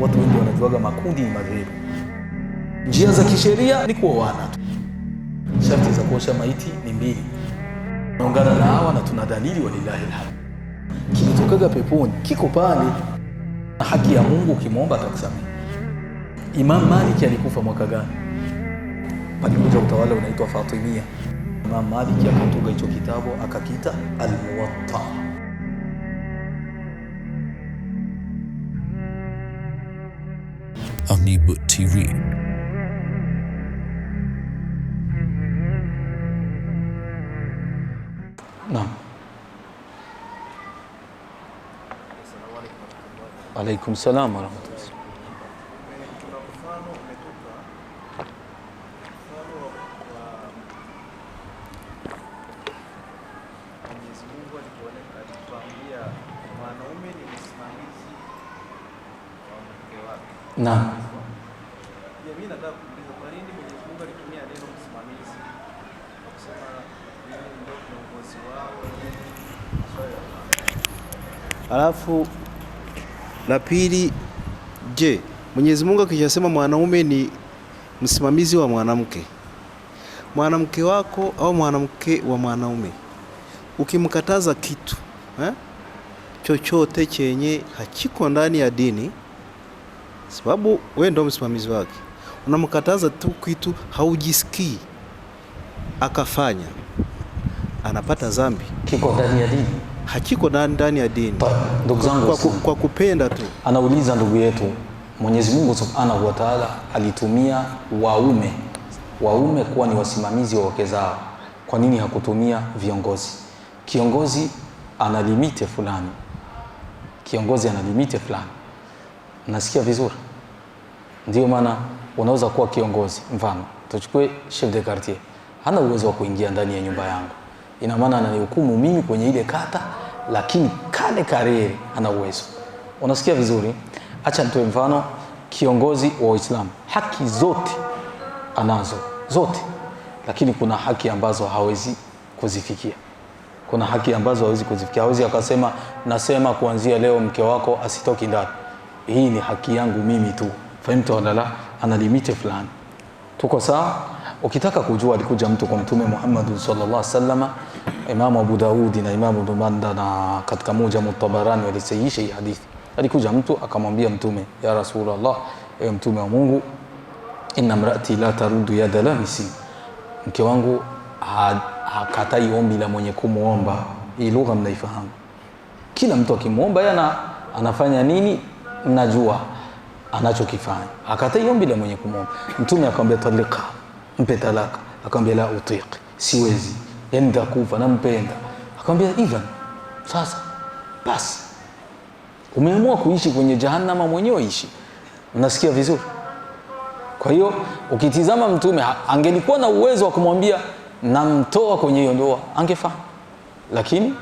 Watu wengi wanajuaga makundi ni madhehebu. Njia za kisheria ni kuoana tu. Sharti za kuosha maiti ni mbili. Naungana na hawa na tuna dalili, walilahi alhamd. Kilitokaga peponi kiko pale, na haki ya Mungu ukimwomba atakusamehe. Imam Malik alikufa mwaka gani? Palikuja utawala unaitwa Fatimia. Imam Malik akatunga hicho kitabu akakita almuwata Omnibut TV نعم عليكم السلام ورحمة الله نعم Alafu la pili, je, Mwenyezi Mungu akishasema mwanaume ni msimamizi wa mwanamke, mwanamke wako au mwanamke wa mwanaume ukimkataza kitu eh, chochote chenye hachiko ndani ya dini, sababu we ndo msimamizi wake, unamkataza tu kitu haujisikii akafanya, anapata dhambi, kiko ndani ya dini hakiko ndani ya dini. Ndugu zangu, kwa, kwa kupenda tu anauliza ndugu yetu, Mwenyezi Mungu Subhanahu wa Ta'ala alitumia waume waume kuwa ni wasimamizi wa wake zao, kwa nini hakutumia viongozi? Kiongozi ana limite fulani, kiongozi ana limite fulani. Nasikia vizuri? Ndio maana unaweza kuwa kiongozi, mfano tuchukue chef de quartier, hana uwezo wa kuingia ndani ya nyumba yangu ina maana ananihukumu mimi kwenye ile kata, lakini kale kariere ana uwezo. Unasikia vizuri? Acha nitoe mfano, kiongozi wa Uislamu haki zote anazo zote, lakini kuna haki ambazo hawezi kuzifikia kuna haki ambazo hawezi kuzifikia. Hawezi akasema nasema kuanzia leo mke wako asitoki ndani, hii ni haki yangu mimi tu. Fahimu tawalala ana limite fulani, tuko sawa? Ukitaka kujua alikuja mtu kwa Mtume Muhammad sallallahu alaihi wasallam, Imam Abu Daudi na Imam Ibn Manda na katika moja Mutabarani walisahihisha hii hadithi. Alikuja mtu akamwambia Mtume, ya Rasulullah, ewe Mtume wa Mungu, inna mraati la tarudu yada lamisi, mke wangu hakatai ombi la mwenye kumuomba. Hii lugha mnaifahamu, kila mtu akimuomba yana anafanya nini? Mnajua anachokifanya, hakatai ombi la mwenye kumuomba. Mtume akamwambia talika mpe talaka. Akamwambia la utiq, siwezi, yani nitakufa, nampenda. Akamwambia even sasa basi umeamua kuishi kwenye jahannama mwenyewe ishi. Unasikia vizuri? Kwa hiyo ukitizama, Mtume angelikuwa na uwezo wa kumwambia namtoa kwenye hiyo ndoa, angefanya, lakini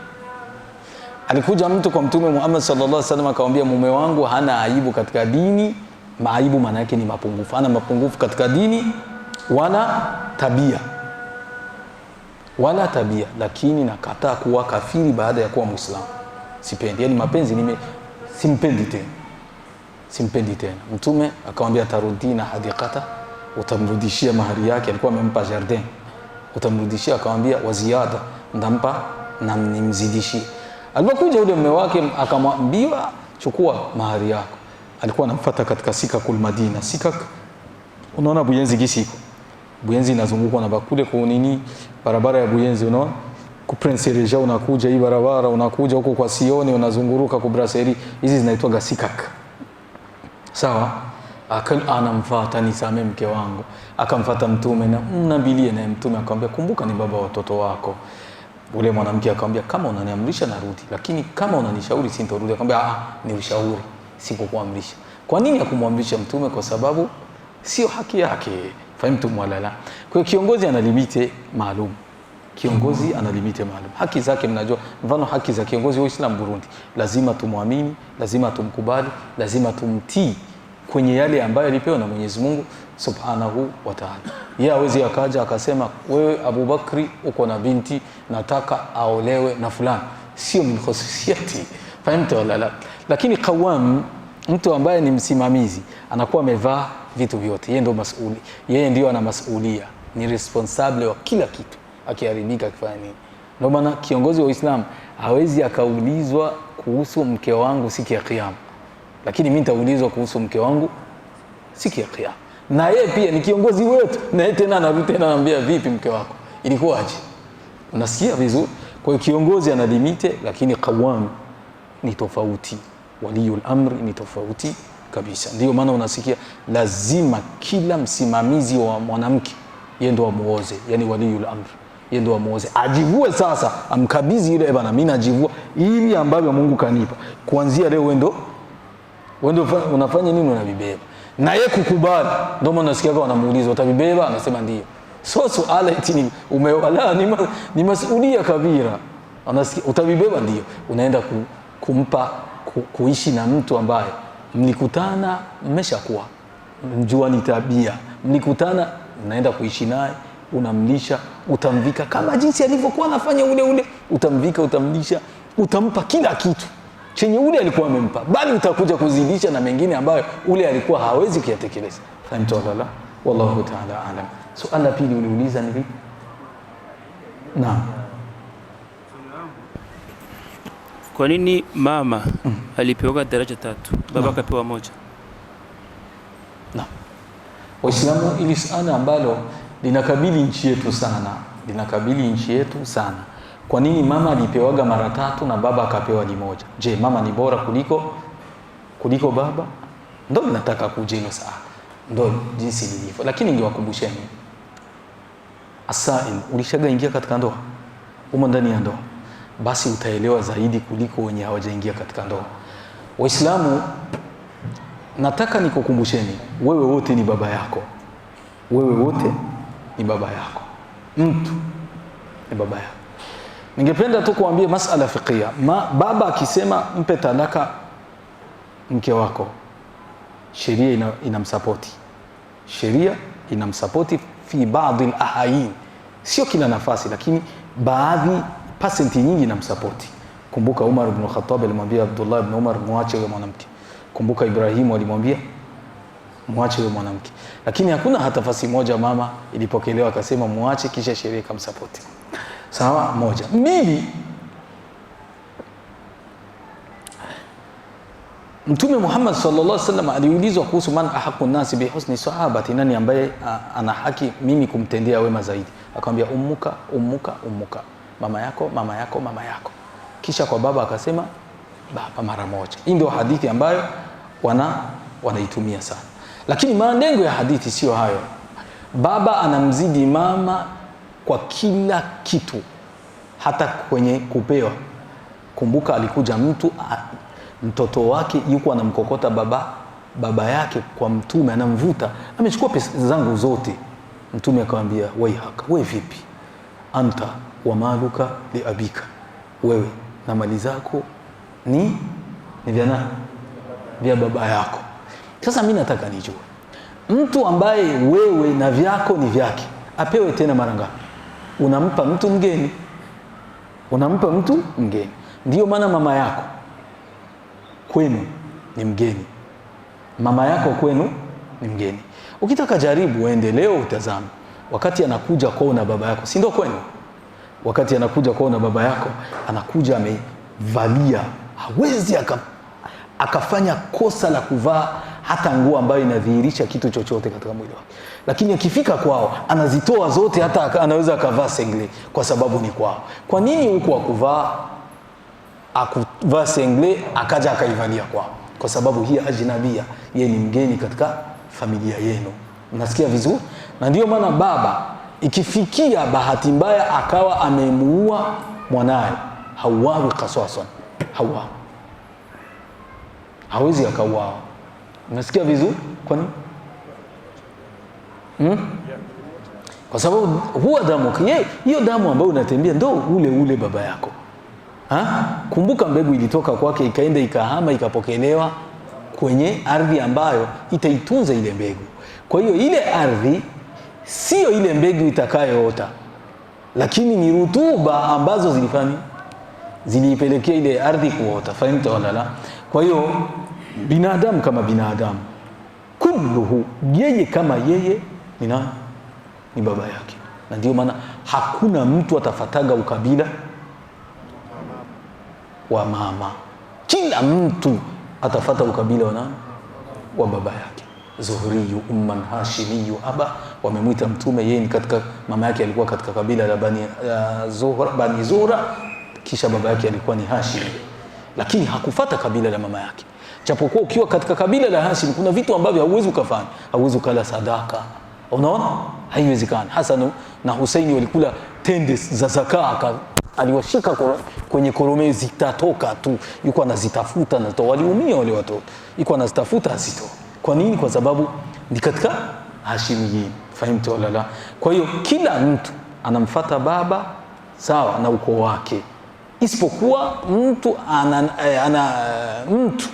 alikuja mtu kwa Mtume Muhammad sallallahu alaihi wasallam akamwambia, mume wangu hana aibu katika dini. Maaibu maana yake ni mapungufu, hana mapungufu katika dini wana tabia wala tabia, lakini nakataa kuwa kafiri baada ya kuwa Muislamu. Sipendi yani mapenzi nime, simpendi tena, simpendi tena. Mtume akamwambia tarudina hadiqata, utamrudishia mahari yake. Alikuwa amempa jardin, utamrudishia. Akamwambia waziada, ndampa na nimzidishie. Alipokuja yule mume wake akamwambia, chukua mahari yako. Alikuwa anamfuata katika sikakul Madina, sikak. Unaona buyenzi gisiko Buyenzi inazungukwa na Bakule kwa nini? Barabara ya Buyenzi unaona? Ku Prince Reja unakuja hii barabara unakuja huko kwa Sioni unazunguruka ku Brasserie. Hizi zinaitwa gasikak. Sawa? Akan anamfuata ni same mke wangu. Akamfuata mtume na mnabilie na mtume akamwambia kumbuka ni baba watoto wako. Ule mwanamke akamwambia kama unaniamrisha narudi, lakini kama unanishauri sintarudi. Akamwambia ah, ni ushauri, sikukuamrisha. Kwa nini akumwamrisha mtume? Kwa sababu sio haki yake fahimtu mwalala. Kwa hiyo kiongozi ana limite maalum. Kiongozi mm-hmm. ana limite maalum. Haki zake mnajua, mfano haki za kiongozi wa Uislamu Burundi, lazima tumwamini, lazima tumkubali, lazima tumtii kwenye yale ambayo alipewa na Mwenyezi Mungu Subhanahu wa Ta'ala. Yeye hawezi akaja akasema wewe Abubakri uko na binti nataka aolewe na fulani. Sio min khususiyati. fahimtu wala la. Lakini kawam, mtu ambaye ni msimamizi anakuwa amevaa vitu vyote. Yeye ndio masuli, yeye ndio ana masulia, ni responsable wa kila kitu, akiharibika akifanya nini. Ndio maana kiongozi wa Uislamu hawezi akaulizwa kuhusu mke wangu siku ya Kiyama, lakini mimi nitaulizwa kuhusu mke wangu siku ya Kiyama. Na yeye pia ni kiongozi wetu, na yeye tena anarudi tena anambia, vipi mke wako ilikuwaje? Unasikia vizuri? Kwa hiyo kiongozi ana limite, lakini kawami ni tofauti, waliyul amri ni tofauti kabisa. Ndio maana unasikia lazima kila msimamizi wa mwanamke yeye ndo amuoze, yani waliyul amri yeye ndo amuoze, ajivue sasa, amkabidhi yule eh bwana, mimi najivua ili ambavyo Mungu kanipa kuanzia leo, wewe ndo wewe ndo unafanya nini, unavibeba na yeye kukubali. Ndio maana unasikia kwa anamuuliza utabibeba, anasema ndio. So suala eti ni umewala ni, ni masulia kabira, anasikia utabibeba, ndio unaenda ku, kumpa ku, kuishi na mtu ambaye mlikutana, mmeshakuwa mjua ni tabia, mlikutana, mnaenda kuishi naye, unamlisha, utamvika kama jinsi alivyokuwa anafanya ule ule, utamvika, utamlisha, utampa kila kitu chenye ule alikuwa amempa, bali utakuja kuzidisha na mengine ambayo ule alikuwa hawezi kuyatekeleza. Fahimtulala, wallahu taala alam. Suala so, pili uliuliza nini? naam Kwa nini mama mm. alipewa daraja tatu, baba akapewa moja? Na Waislamu, ili sana ambalo linakabili nchi yetu sana, linakabili nchi yetu sana. Kwa nini mama alipewaga mara tatu na baba akapewa limoja? Je, mama ni bora kuliko kuliko baba? Ndio ninataka kuja hilo saa, ndio jinsi lilivyo, lakini ningewakumbusheni asain, ulishaga ingia katika ndoa, umo ndani ya ndoa basi utaelewa zaidi kuliko wenye hawajaingia katika ndoa. Waislamu, nataka nikukumbusheni, wewe wote ni baba yako, wewe wote ni baba yako, mtu ni baba yako. Ningependa tu kuambia masala fiqhia ma, baba akisema mpe talaka mke wako, sheria inamsapoti ina sheria inamsapoti fi baadhi lahayin, sio kila nafasi, lakini baadhi pasenti nyingi namsapoti. Kumbuka Umar ibn Khattab alimwambia Abdullah ibn Umar, muache huyo mwanamke. Kumbuka Ibrahimu alimwambia muache huyo mwanamke, lakini hakuna hata fasi moja mama ilipokelewa akasema muache, kisha sheria ikamsapoti. Sawa, moja. Mbili, Mtume Muhammad sallallahu alaihi wasallam aliulizwa kuhusu man ahaqu nasi bi husni sahabati, nani ambaye ana haki mimi kumtendea wema zaidi? Akamwambia ummuka ummuka ummuka mama yako, mama yako, mama yako, kisha kwa baba akasema baba mara moja. Hii ndio hadithi ambayo wana wanaitumia sana, lakini malengo ya hadithi siyo hayo. Baba anamzidi mama kwa kila kitu, hata kwenye kupewa. Kumbuka alikuja mtu a, mtoto wake yuko anamkokota baba baba yake kwa mtume, anamvuta, amechukua pesa zangu zote. Mtume akamwambia, haka wewe vipi anta wa maluka liabika, wewe na mali zako ni ni vya nani? Vya baba yako. Sasa mimi nataka nijue mtu ambaye wewe na vyako ni vyake apewe tena mara ngapi? Unampa mtu mgeni, unampa mtu mgeni. Ndiyo maana mama yako kwenu ni mgeni, mama yako kwenu ni mgeni. Ukitaka jaribu, uende leo, utazame wakati anakuja kwao na baba yako, si ndio kwenu wakati anakuja kuona baba yako, anakuja amevalia, hawezi aka, akafanya kosa la kuvaa hata nguo ambayo inadhihirisha kitu chochote katika mwili wake, lakini akifika kwao anazitoa zote, hata anaweza akavaa sengle kwa sababu ni kwao. Kwa nini huku akuvaa akuvaa sengle akaja akaivalia kwao? Kwa sababu hii ajnabia, yeye ni mgeni katika familia yenu. Mnasikia vizuri? Na ndiyo maana baba Ikifikia bahati mbaya akawa amemuua mwanaye, hauawi kaswaswa hawa hawezi akauawa. Umesikia vizuri? Kwani hmm? Kwa sababu huwa damu hiyo, damu ambayo unatembea ndo ule ule baba yako ha? Kumbuka mbegu ilitoka kwake ikaenda ikahama ikapokelewa kwenye ardhi ambayo itaitunza ile mbegu, kwa hiyo ile ardhi sio ile mbegu itakayoota, lakini ni rutuba ambazo zilifanya ziliipelekea ile ardhi kuota. Fahimta wala la? Kwa hiyo binadamu kama binadamu, kulluhu, yeye kama yeye ni nani? Ni baba yake, na ndio maana hakuna mtu atafataga ukabila wa mama, kila mtu atafata ukabila wa nani? Wa baba yake. Zuhriyu umman hashimiyu aba wamemwita mtume yeye ni katika mama yake alikuwa katika kabila la Bani uh, Zuhra, Bani Zuhra kisha baba yake alikuwa ni Hashim, lakini hakufata kabila la mama yake. Japokuwa ukiwa katika kabila la Hashim kuna vitu ambavyo hauwezi ukafanya, hauwezi ukala sadaka, unaona haiwezekani. Hasan na Husaini walikula tende za zakaa aliwashika kwenye koromeo, zitatoka tu, yuko anazitafuta na to waliumia wale watoto, yuko anazitafuta asito. Kwa nini? Kwa sababu ni katika Hashimiyin fahimti wala la? Kwa hiyo kila mtu anamfata baba sawa na ukoo wake, isipokuwa mtu ana, eh, ana, eh, mtu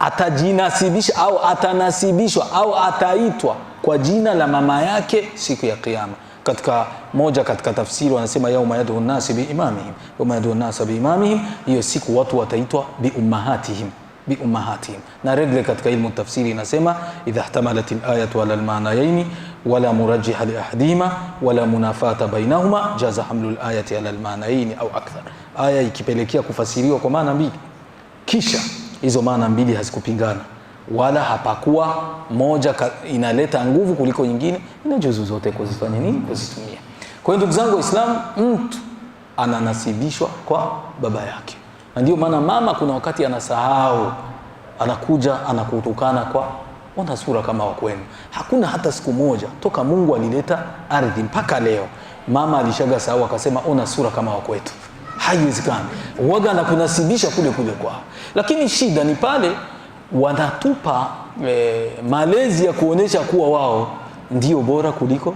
atajinasibisha au atanasibishwa au ataitwa kwa jina la mama yake siku ya Kiyama. Katika moja katika tafsiri wanasema yauma yadu nasi biimamihim, yauma yadu nasi biimamihim, hiyo siku watu wataitwa biummahatihim bi ummahatihim. Na regle katika ilmu tafsiri inasema idha ihtamalat alayat ala almanayaini wala murajiha li wala munafata bainahuma jaza hamlu alayati ala almanayaini au akthar. Aya ikipelekea kufasiriwa kwa maana mbili, kisha hizo maana mbili hazikupingana wala hapakuwa moja inaleta nguvu kuliko nyingine, inajuzu zote kuzifanya nini, kuzitumia. Kwa hiyo ndugu zangu Waislamu, mtu ananasibishwa kwa baba yake na ndio maana mama kuna wakati anasahau, anakuja anakutukana kwa ona sura kama wa kwenu. Hakuna hata siku moja toka Mungu alileta ardhi mpaka leo mama alishaga sahau akasema ona sura kama wa kwetu. Haiwezekani, waga na kunasibisha kule kule kwao. Lakini shida ni pale wanatupa e, malezi ya kuonesha kuwa wao ndio bora kuliko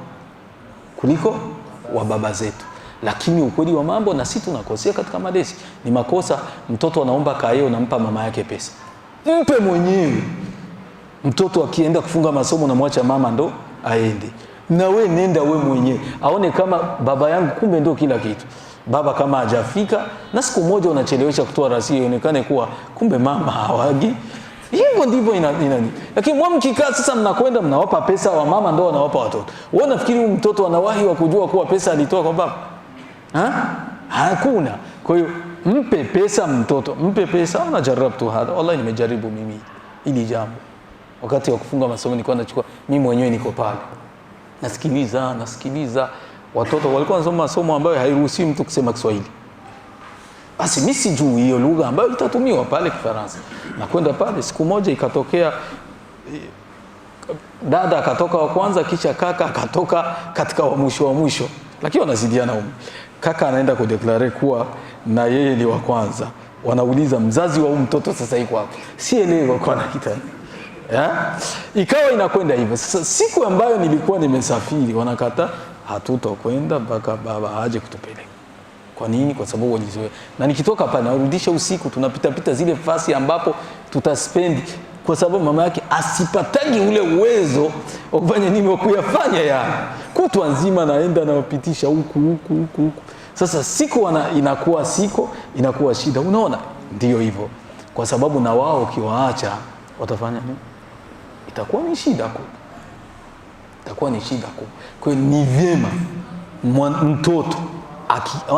kuliko wa baba zetu lakini ukweli wa mambo, na sisi tunakosea katika madesi. Ni makosa mtoto anaomba kae, unampa mama yake pesa, mpe mwenyewe. Mtoto akienda kufunga masomo, namwacha mama ndo aende na we nenda we mwenyewe, aone kama baba yangu kumbe ndo kila kitu. Baba kama hajafika, na siku moja unachelewesha kutoa rasii, ionekane kuwa kumbe mama hawagi. Hivyo ndivyo ina, ina, Lakini mwa mkikaa sasa, mnakwenda mnawapa pesa wa mama, ndo wanawapa watoto. Wewe unafikiri huyu mtoto anawahi wa kujua kuwa pesa alitoa kwa baba? ha? Hakuna. Kwa hiyo mpe pesa mtoto, mpe pesa. Ana jarabtu hadha, wallahi nimejaribu mimi ili jambo. Wakati wa kufunga masomo nilikuwa nachukua mimi mwenyewe, niko pale nasikiliza, nasikiliza watoto walikuwa wanasoma masomo ambayo hairuhusi mtu kusema Kiswahili. Basi mimi sijui hiyo lugha ambayo itatumiwa pale Kifaransa, kwenda pale. Siku moja ikatokea dada akatoka wa kwanza, kisha kaka akatoka katika wa mwisho wa mwisho, lakini wanazidiana umri kaka anaenda kudeklare kuwa na yeye ni wa kwanza, wanauliza mzazi wa huyu mtoto sasa yuko wapi? Sielewi kwa nakita ya? Eh? Ikawa inakwenda hivyo sasa. Siku ambayo nilikuwa nimesafiri, wanakata hatutokwenda mpaka baba aje kutupeleka. Kwa nini? Kwa sababu walizoea, na nikitoka pale narudisha usiku, tunapitapita zile fasi ambapo tutaspendi kwa sababu mama yake asipatagi ule uwezo wa kufanya nini, wa kuyafanya yani, kutwa nzima naenda nawapitisha huku huku huku huku. Sasa siku wana, inakuwa siko inakuwa shida. Unaona, ndio hivyo, kwa sababu na wao ukiwaacha watafanya nini? Itakuwa ni shida kubwa, itakuwa ni shida ku Kwa hiyo ni vyema mtoto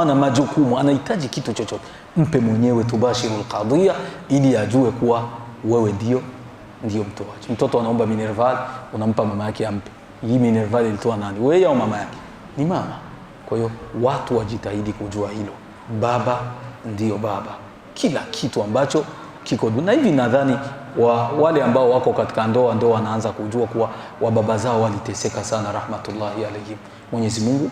ana majukumu, anahitaji kitu chochote, mpe mwenyewe tubashirul qadhia, ili ajue kuwa wewe ndio ndio mtoaji. Mtoto anaomba minerval, unampa mama yake ampe. Hii minerval ilitoa nani? Wewe au mama yake? Ni mama. Kwa hiyo watu wajitahidi kujua hilo, baba ndio baba kila kitu ambacho kiko na hivi. Nadhani wa wale ambao wako katika ndoa ndio wanaanza kujua kuwa wababa zao waliteseka sana, rahmatullahi alaihim, Mwenyezi Mungu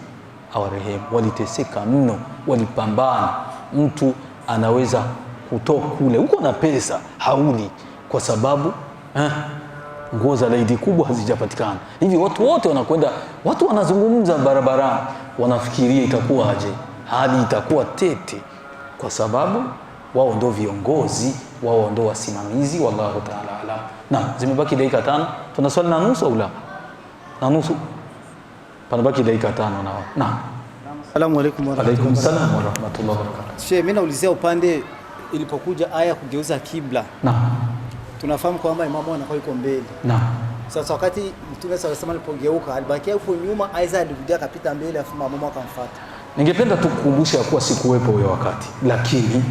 awarehemu. Waliteseka mno, walipambana. Mtu anaweza utoka kule, uko na pesa hauli, kwa sababu eh, nguo za laidi kubwa hazijapatikana. Hivi watu wote wanakwenda, watu wanazungumza barabara, wanafikiria itakuwaje? Hali itakuwa tete, kwa sababu wao ndio viongozi, wao ndio wasimamizi. Wallahu taala alam. Na zimebaki dakika tano, tuna swali na nusu au la? Na nusu, panabaki dakika tano. Na na, assalamu alaykum wa rahmatullahi wa barakatuh. Sheikh, mimi naulizia upande ilipokuja aya kugeuza kibla na tunafahamu kwamba imamu anakuwa yuko mbele na sasa wakati Mtume sala sala alipogeuka alibakia huko nyuma, aiza alikuja akapita mbele, afu mamamu akamfuata. Ningependa tu kukumbusha ya kuwa sikuwepo huyo wakati, lakini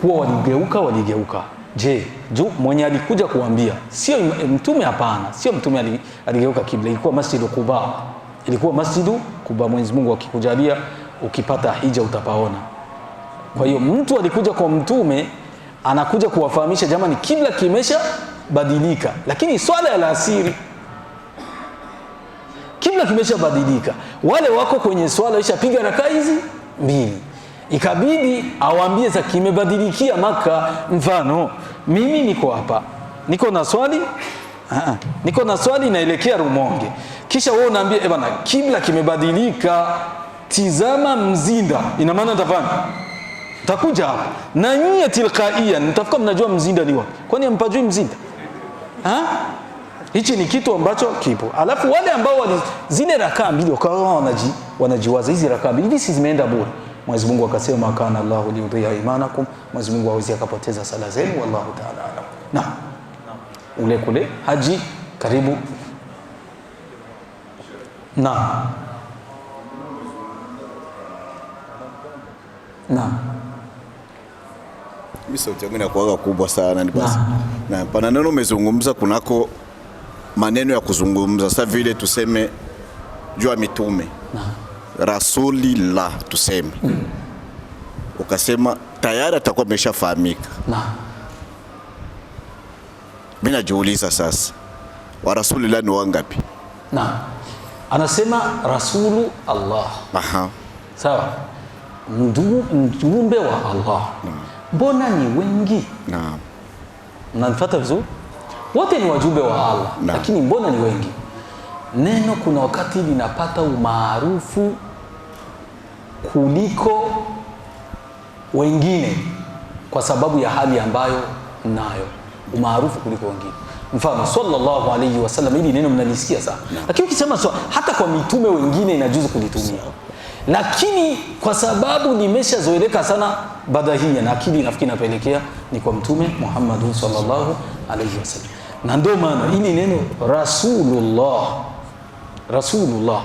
kuwa waligeuka, waligeuka. Je, juu mwenye alikuja kuambia sio Mtume? Hapana, sio Mtume aligeuka kibla, ilikuwa Masjidu Quba, ilikuwa Masjidu Quba. Mwenyezi Mungu akikujalia ukipata hija utapaona. Kwa hiyo mtu alikuja kwa mtume anakuja kuwafahamisha jamani, kibla kimeshabadilika, lakini swala ya alasiri kibla kimeshabadilika, wale wako kwenye swala ishapiga rakaa hizi mbili, ikabidi awaambie za kimebadilikia Maka. Mfano, mimi niko hapa, niko na swali uh-uh, niko na swali naelekea Rumonge, kisha wewe unaambia eh bana, kibla kimebadilika, tizama Mzinda, ina maana nitafanya takuja hapa na nyie tilkaia, mtafuka mnajua mzinda ni wapi, kwani mpajui mzinda ha? Hichi ni kitu ambacho kipo. Alafu wale ambao wali, zile rakaa mbili wakawa wanaji, wanajiwaza hizi rakaa mbili hizi zimeenda bure. Mwenyezi Mungu akasema kana Allahu liyudhi'a imanakum, Mwenyezi Mungu hawezi akapoteza sala zenu, wallahu ta'ala alam. Na ule kule haji karibu na na mi sauti yangu inakuwa kubwa sana ni basi. Ah. Na pana neno umezungumza kunako maneno ya kuzungumza sasa vile tuseme jua mitume ah. rasuli la tuseme mm. Ukasema tayari atakuwa ameshafahamika. Ah. Mimi najiuliza sasa wa rasuli la ni wangapi? Na anasema rasulu Allah. Aha. Sawa, mjumbe wa Allah na. Mm mbona ni wengi? Naam. Mnanifuata vizuri? Wote ni wajumbe wa Allah, lakini mbona ni wengi? Neno kuna wakati linapata umaarufu kuliko wengine kwa sababu ya hali ambayo nayo, umaarufu kuliko wengine. Mfano, sallallahu alayhi wasallam, hili neno mnalisikia sana, lakini ukisema so, hata kwa mitume wengine inajuzu kulitumia, lakini kwa sababu limeshazoeleka sana baada hii na akili nafikiri inapelekea ni kwa Mtume Muhammad sallallahu alaihi wasallam, na ndio maana ili neno rasulullah rasulullah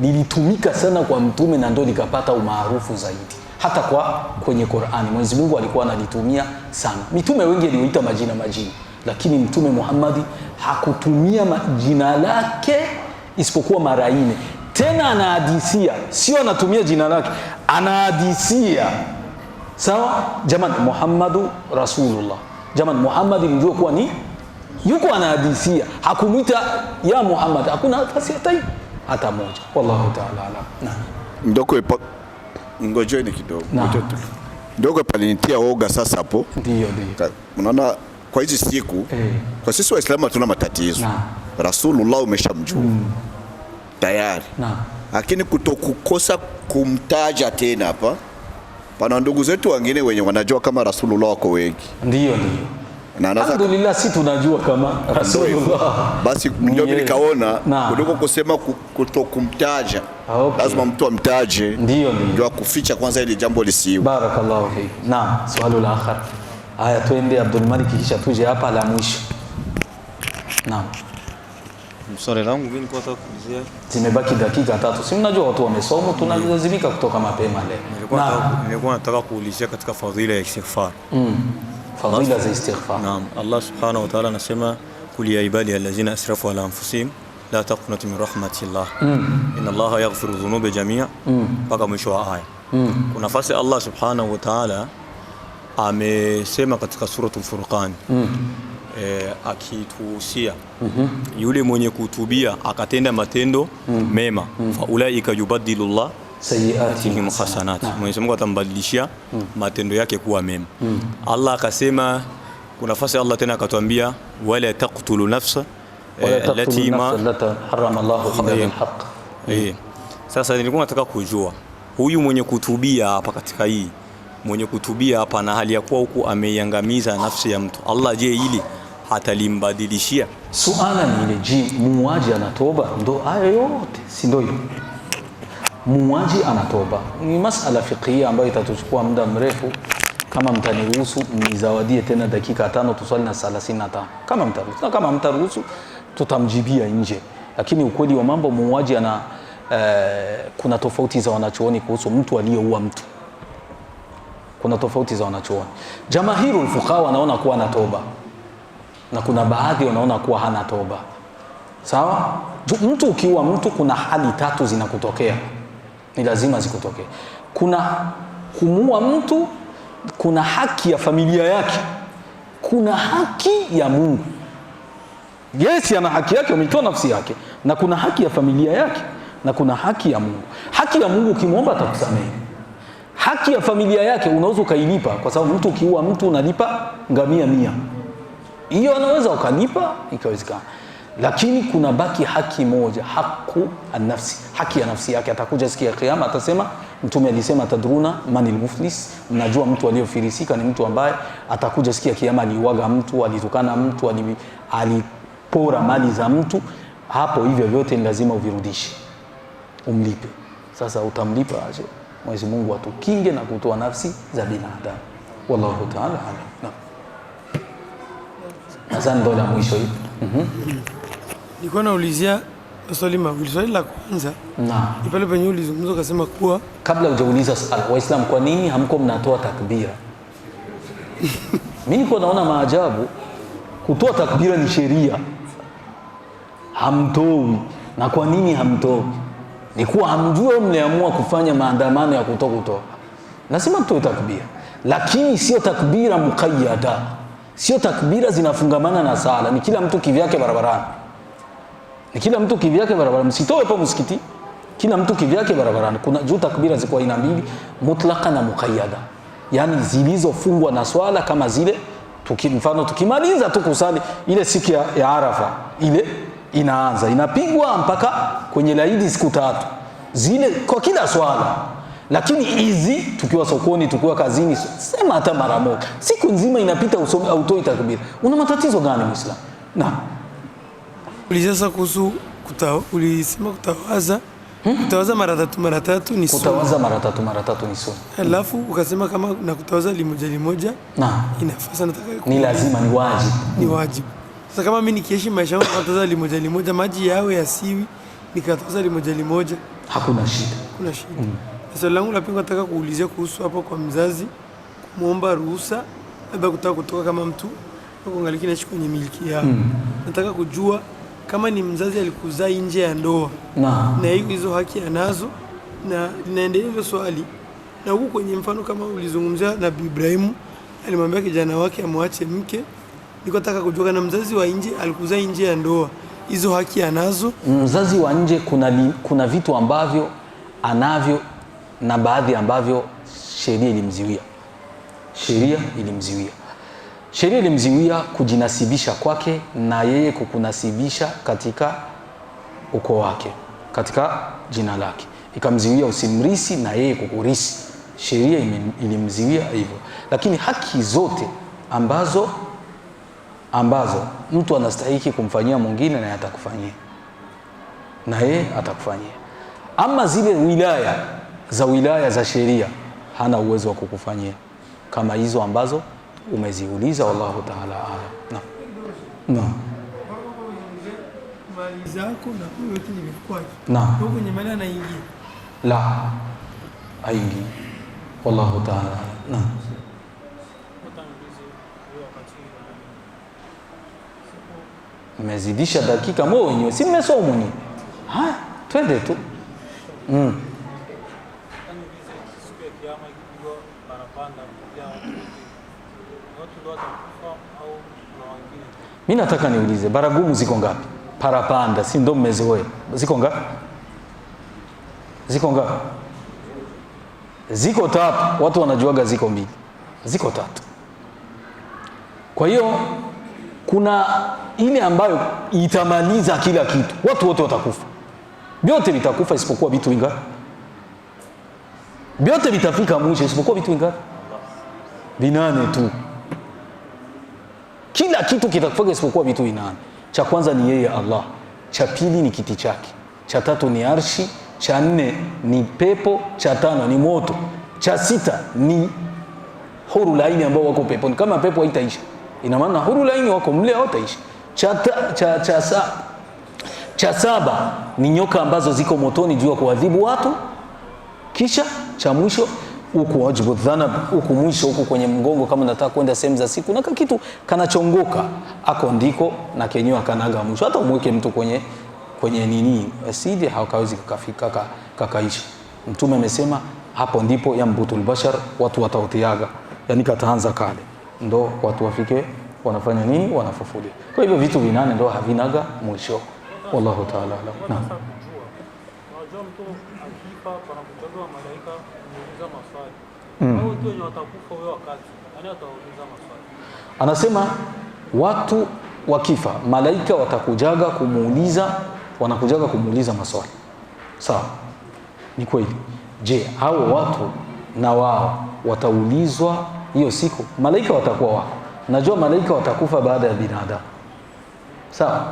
lilitumika sana kwa Mtume na ndio likapata umaarufu zaidi hata kwa kwenye Qur'ani. Mwenyezi Mungu alikuwa analitumia sana, mitume wengi aliyoita majina majina, lakini Mtume Muhammadi hakutumia jina lake isipokuwa mara nne. Tena anahadisia, sio anatumia jina lake, anahadisia Sawa, jamani, Muhammadu Rasulullah. Jamani, Muhammadi ndio kuwa ni yuko anahadithia, hakumwita ya Muhammad, hakuna hata sitai hata moja. Wallahu taala alam. Ndoko ipo, ngojeni kidogo, ndoko palinitia oga sasa hapo. Ndio, ndio, unaona kwa hizi siku eh, kwa sisi Waislamu hatuna matatizo na. Rasulullah umeshamjua mm, tayari, lakini kutokukosa kumtaja tena hapa pana ndugu zetu wengine wenye wanajua kama Rasulullah wako wengi, ndio ndio na alhamdulillah, si tunajua kama Rasulullah. Basi ndio nikaona kuliko kusema kutokumtaja, ah, okay. Lazima mtu amtaje, ndio ndio kuficha kwanza ili jambo lisiwe. Barakallahu fik. Na swali la akhar, aya, twende Abdul Malik, kisha tuje hapa la mwisho. Naam. Swali langu mimi nilikuwa nataka kuulizia, zimebaki dakika tatu, si mnajua watu wamesoma, mm. tunalazimika kutoka mapema leo. Nilikuwa nataka kuulizia katika fadhila ya istighfar, mm. fadhila za istighfar. Naam, Allah subhanahu wa ta'ala anasema, kul ya ibadi allazina asrafu ala anfusihim la taqnatu min rahmatillah mm. inna Allah yaghfiru dhunuba jamia, Paka mwisho wa aya. Kuna nafasi Allah subhanahu wa ta'ala amesema katika suratul Furqan e, akituhusia mm -hmm. yule mwenye kutubia akatenda matendo mm -hmm. mema mm -hmm. faulaika yubadilullah sayiatihim hasanat, Mwenyezi Mungu atambadilishia mm -hmm. matendo yake kuwa mema mm -hmm. Allah akasema kuna nafasi Allah tena akatwambia wala taqtulu nafsa eh, allati ma harrama Allahu illa bilhaq. Eh. eh, sasa nilikuwa nataka kujua huyu mwenye kutubia hapa katika hii mwenye kutubia hapa na hali ya kuwa huku ameiangamiza nafsi ya mtu Allah, je, hili hatalimbadilishia. Suala ni ile, je, muuaji anatoba? Ndo hayo yote, si ndio? Hiyo muuaji anatoba ni masala fiqhia ambayo itatuchukua muda mrefu. Kama mtaniruhusu nizawadie tena dakika tano tuswali na 35 kama mtaruhusu, na kama mtaruhusu tutamjibia nje, lakini ukweli wa mambo muuaji ana eh, kuna tofauti za wanachuoni kuhusu mtu aliyeua mtu kuna tofauti za wanachuoni. Jamahirul fuqaha wanaona kuwa anatoba toba na kuna baadhi wanaona kuwa hana toba. Sawa, mtu ukiua mtu, kuna hali tatu zinakutokea, ni lazima zikutokee. Kuna kumuua mtu, kuna haki ya familia yake, kuna haki ya Mungu. Yesi ana haki yake, ametoa nafsi yake, na kuna haki ya familia yake, na kuna haki ya Mungu. Haki ya Mungu ukimwomba atakusamehe. Haki ya familia yake unaweza ukailipa, kwa sababu mtu ukiua mtu unalipa ngamia mia hiyo anaweza ukanipa ikawezekana, lakini kuna baki haki moja, haku anafsi, haki ya nafsi yake. Atakuja siku ya Kiyama atasema, Mtume alisema tadruna manil muflis, mnajua mtu aliyofirisika ni mtu ambaye atakuja siku ya Kiyama aliuaga mtu, alitukana mtu, alipora mali za mtu. Hapo hivyo vyote ni lazima uvirudishe, umlipe. Sasa utamlipa aje? Mwenyezi Mungu atukinge na kutoa nafsi za binadamu. Wallahu taala alam. Nadhani ndo la mwisho hili. Nilikuwa naulizia swali mawili. Swali la kwanza ni pale penye ulizungumza ukasema kuwa kabla hujauliza swali, Waislamu, kwa nini hamko mnatoa takbira? Mimi niko naona maajabu, kutoa takbira ni sheria, hamtoi. Na kwa nini hamtoi? Ni kuwa hamjua, mliamua kufanya maandamano ya kutokutoa, nasima mtoe takbira, lakini sio takbira mkayada Sio takbira zinafungamana na sala, ni kila mtu kivyake barabarani, ni kila mtu kivyake barabarani. Msitoe hapo msikiti, kila mtu kivyake barabarani. Kuna juu takbira ziko aina mbili, mutlaka na muqayyada, yani zilizofungwa na swala kama zile tuki, mfano tukimaliza tu kusali ile siku ya, ya Arafa ile inaanza inapigwa mpaka kwenye laidi siku tatu zile kwa kila swala lakini hizi tukiwa sokoni, tukiwa kazini, sema hata mara moja, siku nzima inapita usomi, au utoi takbira. Una matatizo gani Muislam? Na ulisasa kuhusu kuta, ulisema kutawaza hmm? Kutawaza mara tatu mara tatu ni sunna. Kutawaza mara tatu mara tatu ni sunna. Alafu ukasema kama na kutawaza limoja limoja, na inafaa sana, ni lazima, ni wajibu, ni wajibu. Sasa kama mimi nikiishi maisha yangu kutawaza limoja limoja, maji yawe yasiwi, nikatawaza limoja limoja, hakuna shida, hakuna shida hmm. Sasa langu la pili nataka kuulizia kuhusu hapo kwa mzazi kumwomba ruhusa labda kutaka kutoka kama mtu kuangalia kinaishi kwenye miliki yao. Mm. Nataka kujua kama ni mzazi alikuzaa nje ya ndoa na hiyo hizo haki anazo, na linaendelea hilo swali na huku kwenye mfano kama ulizungumzia Nabii Ibrahimu alimwambia kijana wake amwache mke. Niko nataka kujua na mzazi wa nje alikuzaa nje ya ndoa, hizo haki anazo mzazi wa nje? Kuna, li, kuna vitu ambavyo anavyo na baadhi ambavyo sheria ilimziwia. Sheria ilimziwia, sheria ilimziwia kujinasibisha kwake na yeye kukunasibisha katika ukoo wake, katika jina lake, ikamziwia usimrisi na yeye kukurisi. Sheria ilimziwia hivyo, lakini haki zote ambazo ambazo mtu anastahiki kumfanyia mwingine, naye atakufanyia, na yeye atakufanyia. Ama zile wilaya za wilaya za sheria hana uwezo wa kukufanyia kama hizo ambazo umeziuliza. Wallahu taala alam. No. No. Na. La aingi wallahu taala na. Mmezidisha dakika mwenyewe. wenyewe, si mmesoma mwenyewe? Ha? twende tu mm. Mi nataka niulize baragumu ziko ngapi? Parapanda si ndo mmezoea. Ziko ngapi? Ziko ngapi? Ziko tatu. Watu wanajuaga ziko mbili, ziko tatu. Kwa hiyo kuna ile ambayo itamaliza kila kitu, watu wote watakufa, vyote vitakufa isipokuwa vitu vingapi? Vyote vitafika mwisho isipokuwa vitu vingapi? Vinane tu. Kila kitu kitakufanya isipokuwa vitu vinane. Cha kwanza ni yeye Allah, cha pili ni kiti chake, cha tatu ni arshi, cha nne ni pepo, cha tano ni moto, cha sita ni huru laini ambao wako peponi. Kama pepo haitaisha, ina maana huru laini wako mle hawataisha. Cha, cha, cha, sa, cha saba ni nyoka ambazo ziko motoni juu ya kuadhibu watu, kisha cha mwisho huku wajibu dhanab huku mwisho huku kwenye mgongo, kama nataka kwenda sehemu za siku, na kitu kanachongoka ako ndiko na kenyewe kanaga mwisho. Hata umweke mtu kwenye kwenye nini, asije hakawezi kukafika kakaishi. Mtume amesema hapo ndipo mbutul bashar, watu watautiaga, yani kataanza kale, ndo watu wafike wanafanya nini, wanafufulia. Kwa hivyo vitu vinane ndo havinaga mwisho. Wallahu taala alam. Mm. Anasema watu wakifa, malaika watakujaga kumuuliza, wanakujaga kumuuliza maswali. Sawa, ni kweli. Je, hao watu na wao wataulizwa hiyo siku? Malaika watakuwa wako, najua malaika watakufa baada ya binadamu. Sawa,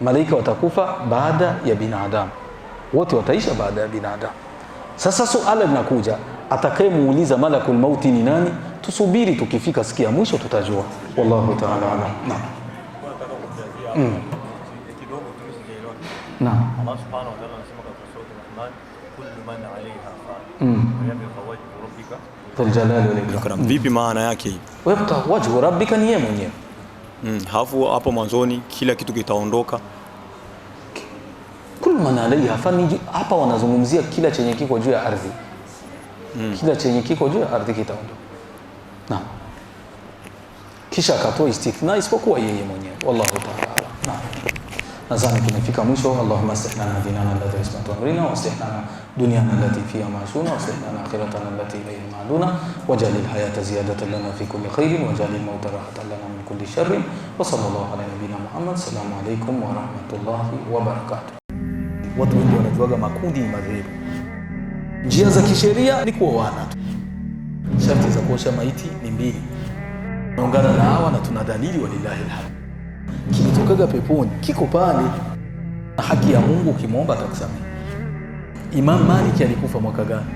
malaika watakufa baada ya binadamu, wote wataisha baada ya binadamu. Sasa suala linakuja atakayemuuliza malakul mauti ni nani? Tusubiri, tukifika siku ya mwisho tutajua. Wallahu taala alam. Mm. mm. Vipi maana yake hii? Wabta wajhu rabbika ni yeye mwenyewe. Mm, hafu hapo mwanzoni kila kitu kitaondoka. Kullu man 'alayha hapa wanazungumzia kila chenye kiko juu ya ardhi mm. kila chenye kiko juu ya ardhi kitaondoka. Naam, kisha akatoa istikna isipokuwa yeye mwenyewe, wallahu ta'ala. Naam, nadhani tumefika mwisho. Allahumma aslih lana dinana alladhi ismatu amrina wa aslih lana dunyana allati fiha ma'ashuna wa aslih lana akhiratana allati ilayha ma'aduna waj'al al-hayata ziyadatan lana fi kulli khairin waj'al al-mauta rahatan lana min kulli sharrin wa sallallahu ala nabiyyina Muhammad. Assalamu alaykum wa rahmatullahi wa barakatuh. Watu wengi wanajuaga makundi ni madhehebu Njia za kisheria ni kuoana tu. Sharti za kuosha maiti ni mbili. Naungana na hawa na tuna dalili, walilahi alhamd. Kilitokaga peponi kiko pale, na haki ya Mungu ukimwomba atakusamehe. Imam Malik alikufa mwaka gani?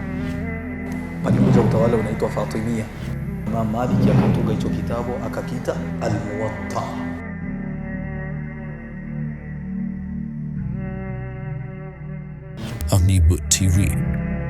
Palikuja utawala unaitwa Fatimia. Imam Malik akatunga hicho kitabu akakita Almuwatta. TV.